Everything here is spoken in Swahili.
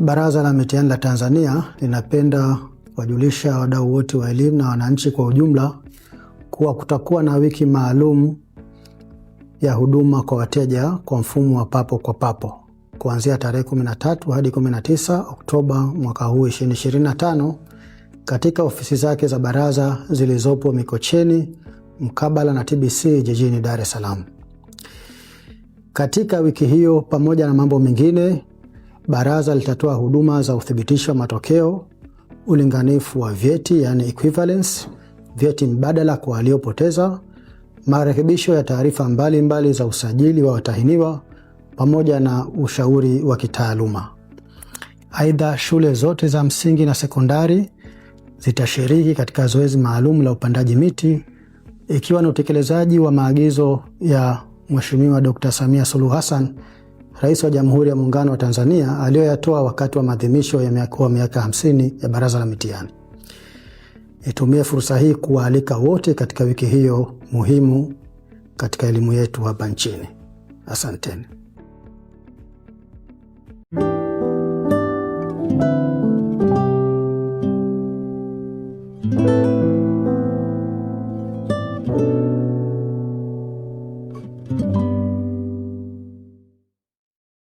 Baraza la Mitihani la Tanzania linapenda kuwajulisha wadau wote wa elimu na wananchi kwa ujumla kuwa kutakuwa na wiki maalum ya huduma kwa wateja kwa mfumo wa papo kwa papo kuanzia tarehe 13 hadi 19 Oktoba mwaka huu 2025 katika ofisi zake za baraza zilizopo Mikocheni mkabala na TBC jijini Dar es Salaam. Katika wiki hiyo, pamoja na mambo mengine, Baraza litatoa huduma za uthibitisho wa matokeo, ulinganifu wa vyeti yani equivalence, vyeti mbadala kwa waliopoteza, marekebisho ya taarifa mbalimbali za usajili wa watahiniwa pamoja na ushauri wa kitaaluma. Aidha, shule zote za msingi na sekondari zitashiriki katika zoezi maalum la upandaji miti ikiwa ni utekelezaji wa maagizo ya Mheshimiwa d Samia Suluhu Hassan Rais wa Jamhuri ya Muungano wa Tanzania aliyoyatoa wakati wa maadhimisho ya miaka hamsini ya Baraza la Mitihani. Nitumie fursa hii kuwaalika wote katika wiki hiyo muhimu katika elimu yetu hapa nchini. Asanteni.